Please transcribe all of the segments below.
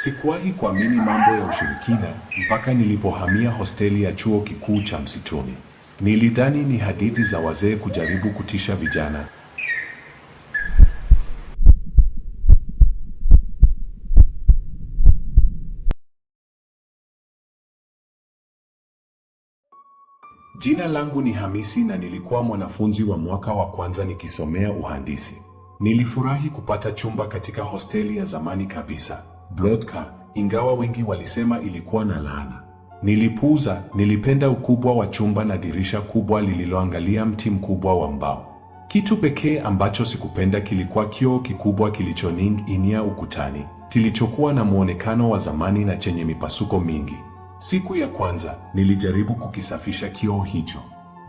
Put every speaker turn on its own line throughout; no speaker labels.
Sikuwahi kuamini mambo ya ushirikina mpaka nilipohamia hosteli ya chuo kikuu cha Msituni. Nilidhani ni hadithi za wazee kujaribu kutisha vijana. Jina langu ni Hamisi na nilikuwa mwanafunzi wa mwaka wa kwanza nikisomea uhandisi. Nilifurahi kupata chumba katika hosteli ya zamani kabisa. Blotka, ingawa wengi walisema ilikuwa na laana. Nilipuuza, nilipenda ukubwa wa chumba na dirisha kubwa lililoangalia mti mkubwa wa mbao. Kitu pekee ambacho sikupenda kilikuwa kioo kikubwa kilichoning'inia ukutani, kilichokuwa na mwonekano wa zamani na chenye mipasuko mingi. Siku ya kwanza, nilijaribu kukisafisha kioo hicho.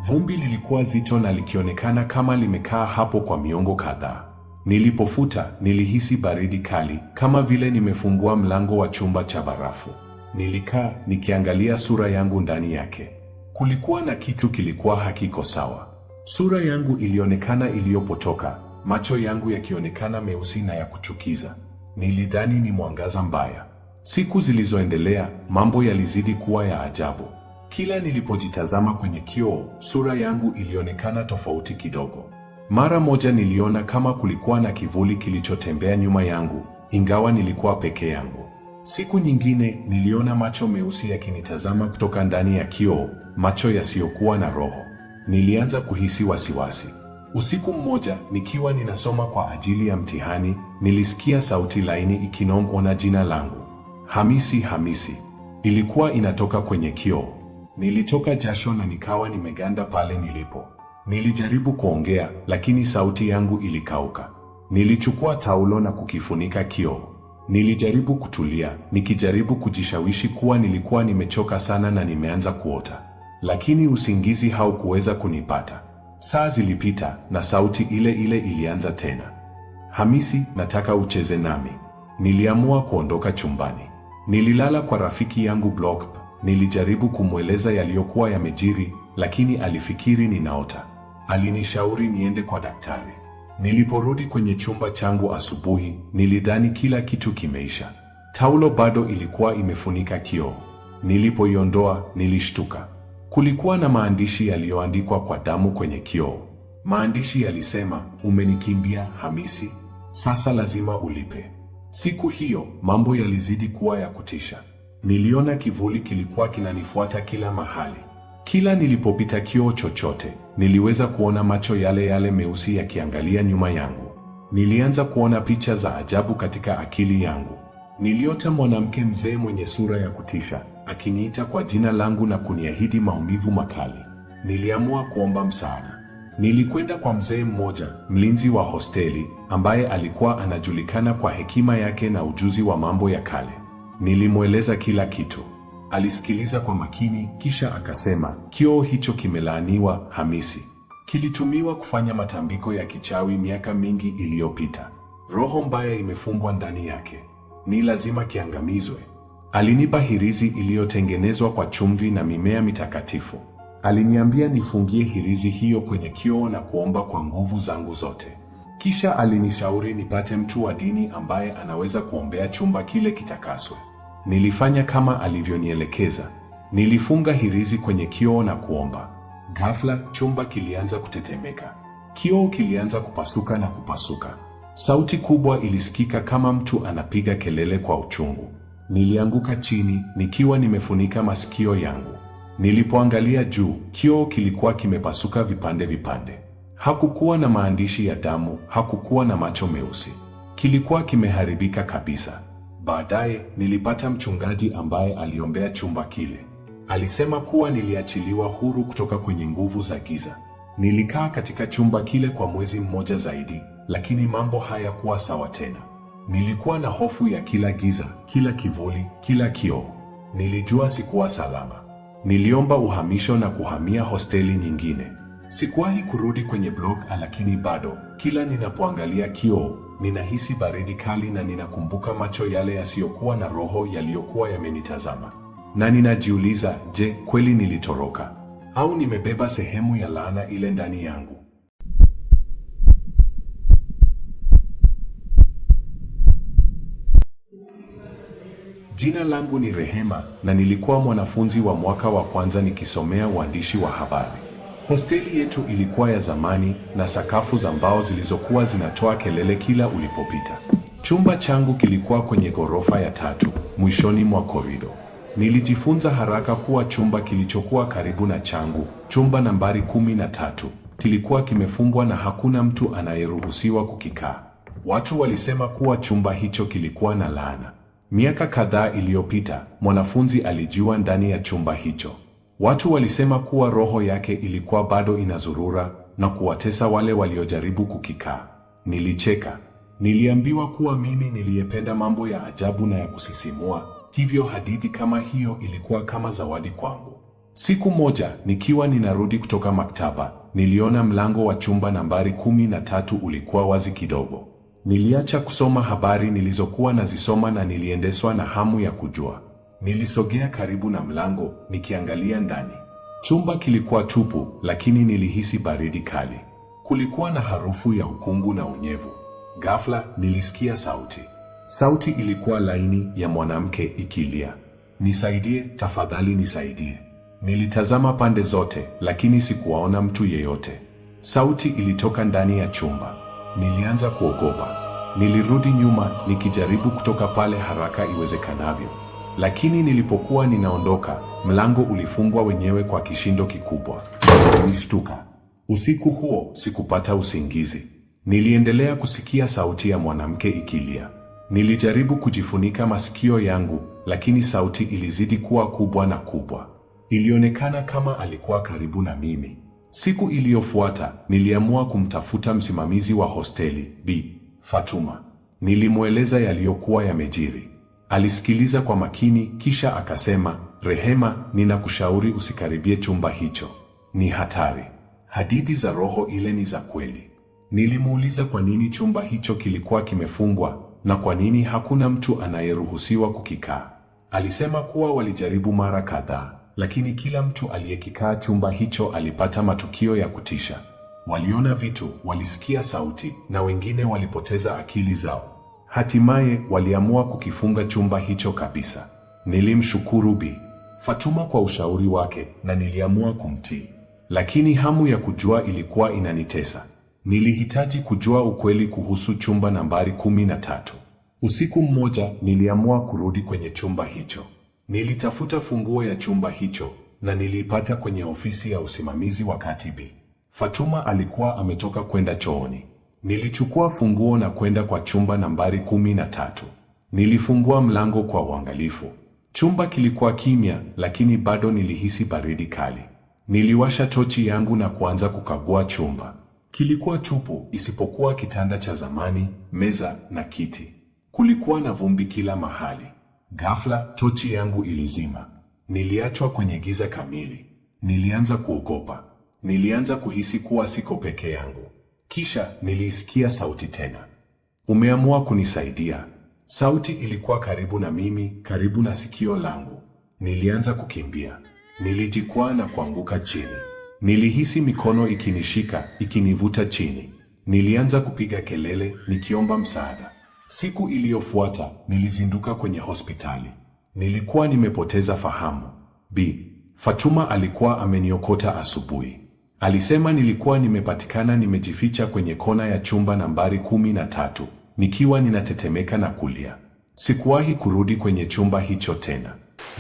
Vumbi lilikuwa zito na likionekana kama limekaa hapo kwa miongo kadhaa. Nilipofuta, nilihisi baridi kali, kama vile nimefungua mlango wa chumba cha barafu. Nilikaa nikiangalia sura yangu ndani yake. Kulikuwa na kitu kilikuwa hakiko sawa. Sura yangu ilionekana iliyopotoka, macho yangu yakionekana meusi na ya kuchukiza. Nilidhani ni mwangaza mbaya. Siku zilizoendelea, mambo yalizidi kuwa ya ajabu. Kila nilipojitazama kwenye kioo, sura yangu ilionekana tofauti kidogo. Mara moja niliona kama kulikuwa na kivuli kilichotembea nyuma yangu, ingawa nilikuwa peke yangu. Siku nyingine niliona macho meusi yakinitazama kutoka ndani ya kioo, macho yasiyokuwa na roho. Nilianza kuhisi wasiwasi. Usiku mmoja nikiwa ninasoma kwa ajili ya mtihani, nilisikia sauti laini ikinong'ona jina langu, Hamisi, Hamisi. Ilikuwa inatoka kwenye kioo. Nilitoka jasho na nikawa nimeganda pale nilipo. Nilijaribu kuongea lakini sauti yangu ilikauka. Nilichukua taulo na kukifunika kioo. Nilijaribu kutulia, nikijaribu kujishawishi kuwa nilikuwa nimechoka sana na nimeanza kuota, lakini usingizi haukuweza kunipata. Saa zilipita na sauti ile ile ilianza tena. Hamisi, nataka ucheze nami. Niliamua kuondoka chumbani. Nililala kwa rafiki yangu Block. Nilijaribu kumweleza yaliyokuwa yamejiri, lakini alifikiri ninaota alinishauri niende kwa daktari. Niliporudi kwenye chumba changu asubuhi, nilidhani kila kitu kimeisha. Taulo bado ilikuwa imefunika kioo. Nilipoiondoa, nilishtuka. Kulikuwa na maandishi yaliyoandikwa kwa damu kwenye kioo. Maandishi yalisema, umenikimbia Hamisi, sasa lazima ulipe. Siku hiyo mambo yalizidi kuwa ya kutisha. Niliona kivuli kilikuwa kinanifuata kila mahali. Kila nilipopita kioo chochote, niliweza kuona macho yale yale meusi yakiangalia nyuma yangu. Nilianza kuona picha za ajabu katika akili yangu. Niliota mwanamke mzee mwenye sura ya kutisha akiniita kwa jina langu na kuniahidi maumivu makali. Niliamua kuomba msaada. Nilikwenda kwa mzee mmoja, mlinzi wa hosteli, ambaye alikuwa anajulikana kwa hekima yake na ujuzi wa mambo ya kale. Nilimweleza kila kitu. Alisikiliza kwa makini, kisha akasema, kioo hicho kimelaaniwa, Hamisi. Kilitumiwa kufanya matambiko ya kichawi miaka mingi iliyopita. Roho mbaya imefungwa ndani yake, ni lazima kiangamizwe. Alinipa hirizi iliyotengenezwa kwa chumvi na mimea mitakatifu. Aliniambia nifungie hirizi hiyo kwenye kioo na kuomba kwa nguvu zangu zote. Kisha alinishauri nipate mtu wa dini ambaye anaweza kuombea chumba kile kitakaswe. Nilifanya kama alivyonielekeza. Nilifunga hirizi kwenye kioo na kuomba. Ghafla chumba kilianza kutetemeka, kioo kilianza kupasuka na kupasuka. Sauti kubwa ilisikika kama mtu anapiga kelele kwa uchungu. Nilianguka chini nikiwa nimefunika masikio yangu. Nilipoangalia juu, kioo kilikuwa kimepasuka vipande vipande. Hakukuwa na maandishi ya damu, hakukuwa na macho meusi. Kilikuwa kimeharibika kabisa. Baadaye nilipata mchungaji ambaye aliombea chumba kile. Alisema kuwa niliachiliwa huru kutoka kwenye nguvu za giza. Nilikaa katika chumba kile kwa mwezi mmoja zaidi, lakini mambo hayakuwa sawa tena. Nilikuwa na hofu ya kila giza, kila kivuli, kila kioo. Nilijua sikuwa salama. Niliomba uhamisho na kuhamia hosteli nyingine. Sikuwahi kurudi kwenye blog, lakini bado kila ninapoangalia kioo ninahisi baridi kali na ninakumbuka macho yale yasiyokuwa na roho yaliyokuwa yamenitazama, na ninajiuliza, je, kweli nilitoroka au nimebeba sehemu ya laana ile ndani yangu? Jina langu ni Rehema na nilikuwa mwanafunzi wa mwaka wa kwanza nikisomea uandishi wa habari. Hosteli yetu ilikuwa ya zamani na sakafu za mbao zilizokuwa zinatoa kelele kila ulipopita. Chumba changu kilikuwa kwenye ghorofa ya tatu, mwishoni mwa korido. Nilijifunza haraka kuwa chumba kilichokuwa karibu na changu, chumba nambari kumi na tatu, kilikuwa kimefungwa na hakuna mtu anayeruhusiwa kukikaa. Watu walisema kuwa chumba hicho kilikuwa na laana. Miaka kadhaa iliyopita, mwanafunzi alijiwa ndani ya chumba hicho. Watu walisema kuwa roho yake ilikuwa bado inazurura na kuwatesa wale waliojaribu kukikaa. Nilicheka. Niliambiwa kuwa mimi niliyependa mambo ya ajabu na ya kusisimua, hivyo hadithi kama hiyo ilikuwa kama zawadi kwangu. Siku moja nikiwa ninarudi kutoka maktaba, niliona mlango wa chumba nambari kumi na tatu ulikuwa wazi kidogo. Niliacha kusoma habari nilizokuwa nazisoma na niliendeswa na hamu ya kujua Nilisogea karibu na mlango nikiangalia ndani. Chumba kilikuwa tupu, lakini nilihisi baridi kali. Kulikuwa na harufu ya ukungu na unyevu. Ghafla nilisikia sauti. Sauti ilikuwa laini, ya mwanamke ikilia, nisaidie tafadhali, nisaidie. Nilitazama pande zote, lakini sikuwaona mtu yeyote. Sauti ilitoka ndani ya chumba. Nilianza kuogopa. Nilirudi nyuma nikijaribu kutoka pale haraka iwezekanavyo. Lakini nilipokuwa ninaondoka, mlango ulifungwa wenyewe kwa kishindo kikubwa. Nilishtuka. Usiku huo sikupata usingizi. Niliendelea kusikia sauti ya mwanamke ikilia. Nilijaribu kujifunika masikio yangu, lakini sauti ilizidi kuwa kubwa na kubwa. Ilionekana kama alikuwa karibu na mimi. Siku iliyofuata niliamua kumtafuta msimamizi wa hosteli Bi Fatuma. Nilimweleza yaliyokuwa yamejiri. Alisikiliza kwa makini, kisha akasema, Rehema, ninakushauri usikaribie chumba hicho, ni hatari. Hadithi za roho ile ni za kweli. Nilimuuliza kwa nini chumba hicho kilikuwa kimefungwa na kwa nini hakuna mtu anayeruhusiwa kukikaa. Alisema kuwa walijaribu mara kadhaa, lakini kila mtu aliyekikaa chumba hicho alipata matukio ya kutisha. Waliona vitu, walisikia sauti na wengine walipoteza akili zao. Hatimaye waliamua kukifunga chumba hicho kabisa. Nilimshukuru Bi Fatuma kwa ushauri wake na niliamua kumtii, lakini hamu ya kujua ilikuwa inanitesa. Nilihitaji kujua ukweli kuhusu chumba nambari kumi na tatu. Usiku mmoja niliamua kurudi kwenye chumba hicho. Nilitafuta funguo ya chumba hicho na niliipata kwenye ofisi ya usimamizi wakati Bi Fatuma alikuwa ametoka kwenda chooni. Nilichukua funguo na kwenda kwa chumba nambari kumi na tatu. Nilifungua mlango kwa uangalifu. Chumba kilikuwa kimya, lakini bado nilihisi baridi kali. Niliwasha tochi yangu na kuanza kukagua chumba. Kilikuwa tupu, isipokuwa kitanda cha zamani, meza na kiti. Kulikuwa na vumbi kila mahali. Ghafla, tochi yangu ilizima. Niliachwa kwenye giza kamili. Nilianza kuogopa. Nilianza kuhisi kuwa siko peke yangu. Kisha niliisikia sauti tena. Umeamua kunisaidia. Sauti ilikuwa karibu na mimi, karibu na sikio langu. Nilianza kukimbia. Nilijikwaa na kuanguka chini. Nilihisi mikono ikinishika, ikinivuta chini. Nilianza kupiga kelele nikiomba msaada. Siku iliyofuata nilizinduka kwenye hospitali. Nilikuwa nimepoteza fahamu. Bi Fatuma alikuwa ameniokota asubuhi. Alisema nilikuwa nimepatikana nimejificha kwenye kona ya chumba nambari kumi na tatu, nikiwa ninatetemeka na kulia. Sikuwahi kurudi kwenye chumba hicho tena.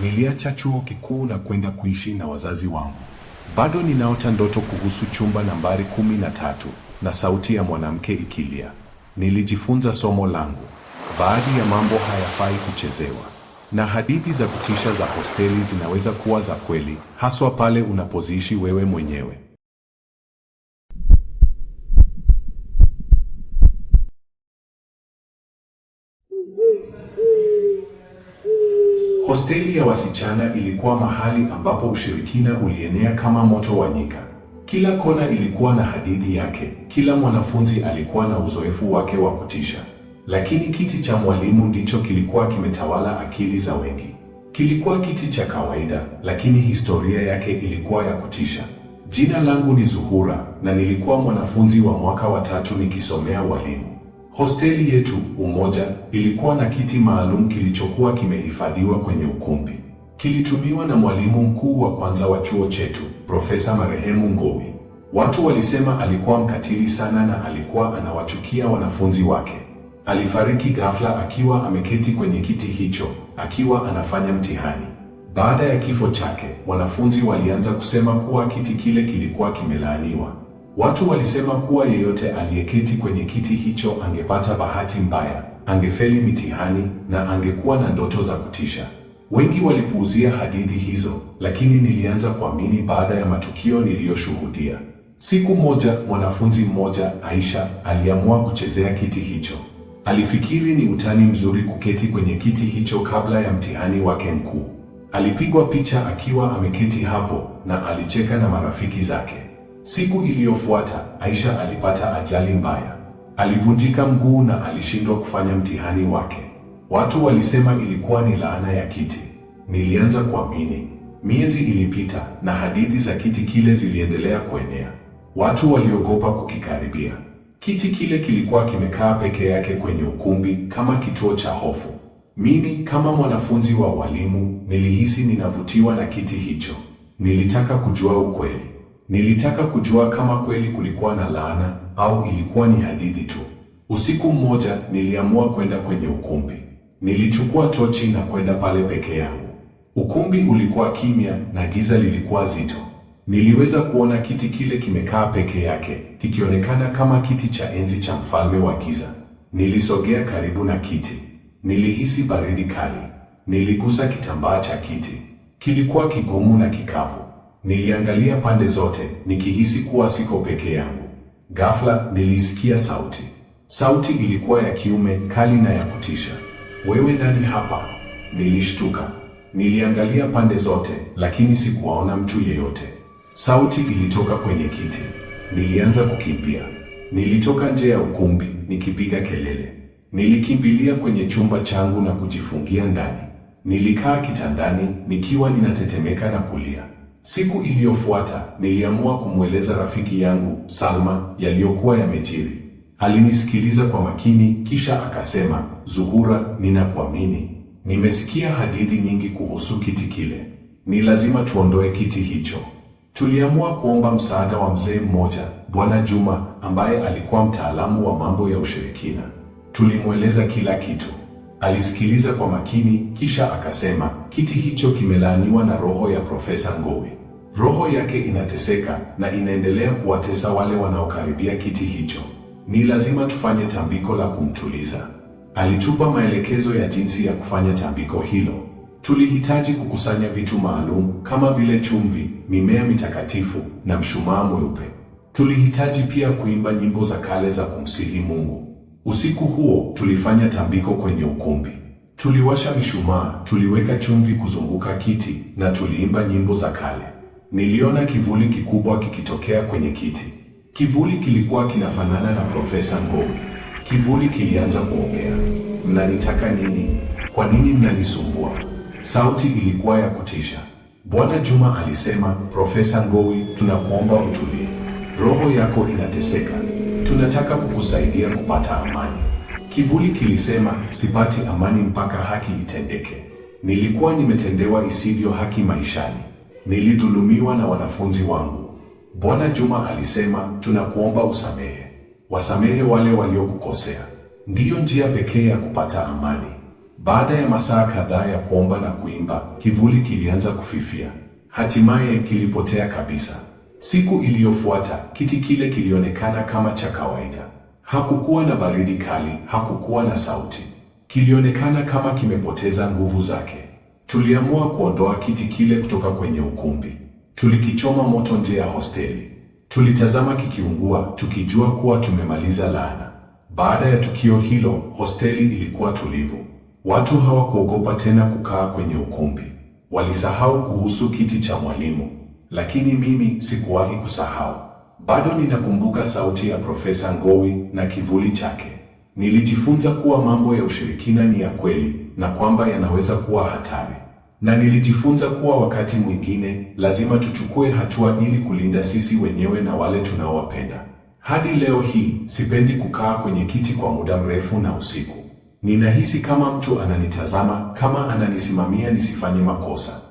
Niliacha chuo kikuu na kwenda kuishi na wazazi wangu. Bado ninaota ndoto kuhusu chumba nambari kumi na tatu na sauti ya mwanamke ikilia. Nilijifunza somo langu. Baadhi ya mambo hayafai kuchezewa. Na hadithi za kutisha za hosteli zinaweza kuwa za kweli, haswa pale unapoziishi wewe mwenyewe. Hosteli ya wasichana ilikuwa mahali ambapo ushirikina ulienea kama moto wa nyika. Kila kona ilikuwa na hadithi yake, kila mwanafunzi alikuwa na uzoefu wake wa kutisha, lakini kiti cha mwalimu ndicho kilikuwa kimetawala akili za wengi. Kilikuwa kiti cha kawaida, lakini historia yake ilikuwa ya kutisha. Jina langu ni Zuhura na nilikuwa mwanafunzi wa mwaka wa tatu nikisomea walimu. Hosteli yetu Umoja ilikuwa na kiti maalum kilichokuwa kimehifadhiwa kwenye ukumbi. Kilitumiwa na mwalimu mkuu wa kwanza wa chuo chetu, Profesa marehemu Ngowi. Watu walisema alikuwa mkatili sana na alikuwa anawachukia wanafunzi wake. Alifariki ghafla akiwa ameketi kwenye kiti hicho, akiwa anafanya mtihani. Baada ya kifo chake, wanafunzi walianza kusema kuwa kiti kile kilikuwa kimelaaniwa. Watu walisema kuwa yeyote aliyeketi kwenye kiti hicho angepata bahati mbaya, angefeli mitihani na angekuwa na ndoto za kutisha. Wengi walipuuzia hadithi hizo, lakini nilianza kuamini baada ya matukio niliyoshuhudia. Siku moja, mwanafunzi mmoja, Aisha, aliamua kuchezea kiti hicho. Alifikiri ni utani mzuri kuketi kwenye kiti hicho kabla ya mtihani wake mkuu. Alipigwa picha akiwa ameketi hapo na alicheka na marafiki zake. Siku iliyofuata Aisha alipata ajali mbaya, alivunjika mguu na alishindwa kufanya mtihani wake. Watu walisema ilikuwa ni laana ya kiti. Nilianza kuamini. Miezi ilipita na hadithi za kiti kile ziliendelea kuenea. Watu waliogopa kukikaribia. Kiti kile kilikuwa kimekaa peke yake kwenye ukumbi kama kituo cha hofu. Mimi kama mwanafunzi wa walimu nilihisi ninavutiwa na kiti hicho. Nilitaka kujua ukweli. Nilitaka kujua kama kweli kulikuwa na laana au ilikuwa ni hadithi tu. Usiku mmoja niliamua kwenda kwenye ukumbi. Nilichukua tochi na kwenda pale peke yangu. Ukumbi ulikuwa kimya na giza lilikuwa zito. Niliweza kuona kiti kile kimekaa peke yake, kikionekana kama kiti cha enzi cha mfalme wa giza. Nilisogea karibu na kiti. Nilihisi baridi kali. Niligusa kitambaa cha kiti. Kilikuwa kigumu na kikavu. Niliangalia pande zote nikihisi kuwa siko peke yangu. Ghafla nilisikia sauti. Sauti ilikuwa ya kiume, kali na ya kutisha. Wewe nani hapa? Nilishtuka. Niliangalia pande zote, lakini sikuwaona mtu yeyote. Sauti ilitoka kwenye kiti. Nilianza kukimbia. Nilitoka nje ya ukumbi nikipiga kelele. Nilikimbilia kwenye chumba changu na kujifungia ndani. Nilikaa kitandani nikiwa ninatetemeka na kulia. Siku iliyofuata niliamua kumweleza rafiki yangu Salma yaliyokuwa yamejiri. Alinisikiliza kwa makini, kisha akasema, Zuhura, ninakuamini. Nimesikia hadithi nyingi kuhusu kiti kile, ni lazima tuondoe kiti hicho. Tuliamua kuomba msaada wa mzee mmoja, Bwana Juma, ambaye alikuwa mtaalamu wa mambo ya ushirikina. Tulimweleza kila kitu. Alisikiliza kwa makini, kisha akasema, kiti hicho kimelaaniwa na roho ya Profesa Ngowi. Roho yake inateseka na inaendelea kuwatesa wale wanaokaribia kiti hicho. Ni lazima tufanye tambiko la kumtuliza. Alitupa maelekezo ya jinsi ya kufanya tambiko hilo. Tulihitaji kukusanya vitu maalum kama vile chumvi, mimea mitakatifu na mshumaa mweupe. Tulihitaji pia kuimba nyimbo za kale za kumsihi Mungu. Usiku huo tulifanya tambiko kwenye ukumbi, tuliwasha mishumaa, tuliweka chumvi kuzunguka kiti na tuliimba nyimbo za kale. Niliona kivuli kikubwa kikitokea kwenye kiti. Kivuli kilikuwa kinafanana na Profesa Ngowi. Kivuli kilianza kuongea, mnanitaka nini? Kwa nini mnanisumbua? Sauti ilikuwa ya kutisha. Bwana Juma alisema, Profesa Ngowi, tunakuomba utulie, roho yako inateseka tunataka kukusaidia kupata amani. Kivuli kilisema, sipati amani mpaka haki itendeke. Nilikuwa nimetendewa isivyo haki maishani, nilidhulumiwa na wanafunzi wangu. Bwana Juma alisema, tunakuomba usamehe, wasamehe wale waliokukosea. Ndiyo njia pekee ya kupata amani. Baada ya masaa kadhaa ya kuomba na kuimba, kivuli kilianza kufifia, hatimaye kilipotea kabisa. Siku iliyofuata kiti kile kilionekana kama cha kawaida. Hakukuwa na baridi kali, hakukuwa na sauti. Kilionekana kama kimepoteza nguvu zake. Tuliamua kuondoa kiti kile kutoka kwenye ukumbi. Tulikichoma moto nje ya hosteli. Tulitazama kikiungua, tukijua kuwa tumemaliza laana. Baada ya tukio hilo, hosteli ilikuwa tulivu. Watu hawakuogopa tena kukaa kwenye ukumbi. Walisahau kuhusu kiti cha mwalimu lakini mimi sikuwahi kusahau. Bado ninakumbuka sauti ya Profesa Ngowi na kivuli chake. Nilijifunza kuwa mambo ya ushirikina ni ya kweli na kwamba yanaweza kuwa hatari, na nilijifunza kuwa wakati mwingine lazima tuchukue hatua ili kulinda sisi wenyewe na wale tunaowapenda. Hadi leo hii sipendi kukaa kwenye kiti kwa muda mrefu na usiku. Ninahisi kama mtu ananitazama, kama ananisimamia nisifanye makosa.